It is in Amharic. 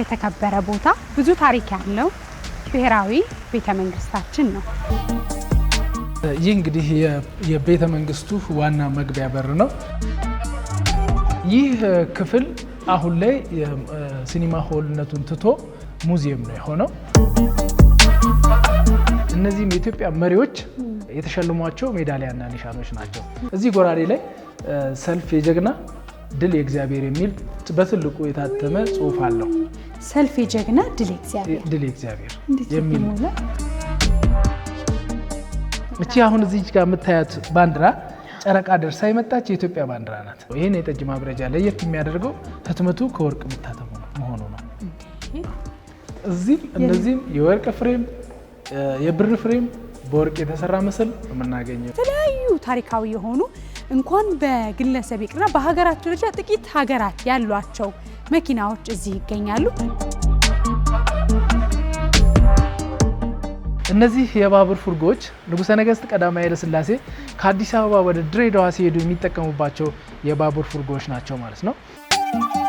የተከበረ ቦታ ብዙ ታሪክ ያለው ብሔራዊ ቤተ መንግስታችን ነው። ይህ እንግዲህ የቤተ መንግስቱ ዋና መግቢያ በር ነው። ይህ ክፍል አሁን ላይ ሲኒማ ሆልነቱን ትቶ ሙዚየም ነው የሆነው። እነዚህም የኢትዮጵያ መሪዎች የተሸልሟቸው ሜዳሊያና ኒሻኖች ናቸው። እዚህ ጎራዴ ላይ ሰልፍ የጀግና ድል የእግዚአብሔር የሚል በትልቁ የታተመ ጽሑፍ አለው። ሰልፍ የጀግና ድል እግዚአብሔር እቺ አሁን እዚህ ጋር የምታያት ባንዲራ ጨረቃ ደርሳ የመጣች የኢትዮጵያ ባንዲራ ናት። ይህን የጠጅ ማብረጃ ለየት የሚያደርገው ህትመቱ ከወርቅ የሚታተሙ መሆኑ ነው። እዚህም እነዚህም የወርቅ ፍሬም፣ የብር ፍሬም፣ በወርቅ የተሰራ ምስል የምናገኘው የተለያዩ ታሪካዊ የሆኑ እንኳን በግለሰብ ይቅርና በሀገራት ደረጃ ጥቂት ሀገራት ያሏቸው መኪናዎች እዚህ ይገኛሉ። እነዚህ የባቡር ፉርጎች ንጉሠ ነገሥት ቀዳማዊ ኃይለ ሥላሴ ከአዲስ አበባ ወደ ድሬዳዋ ሲሄዱ የሚጠቀሙባቸው የባቡር ፉርጎች ናቸው ማለት ነው።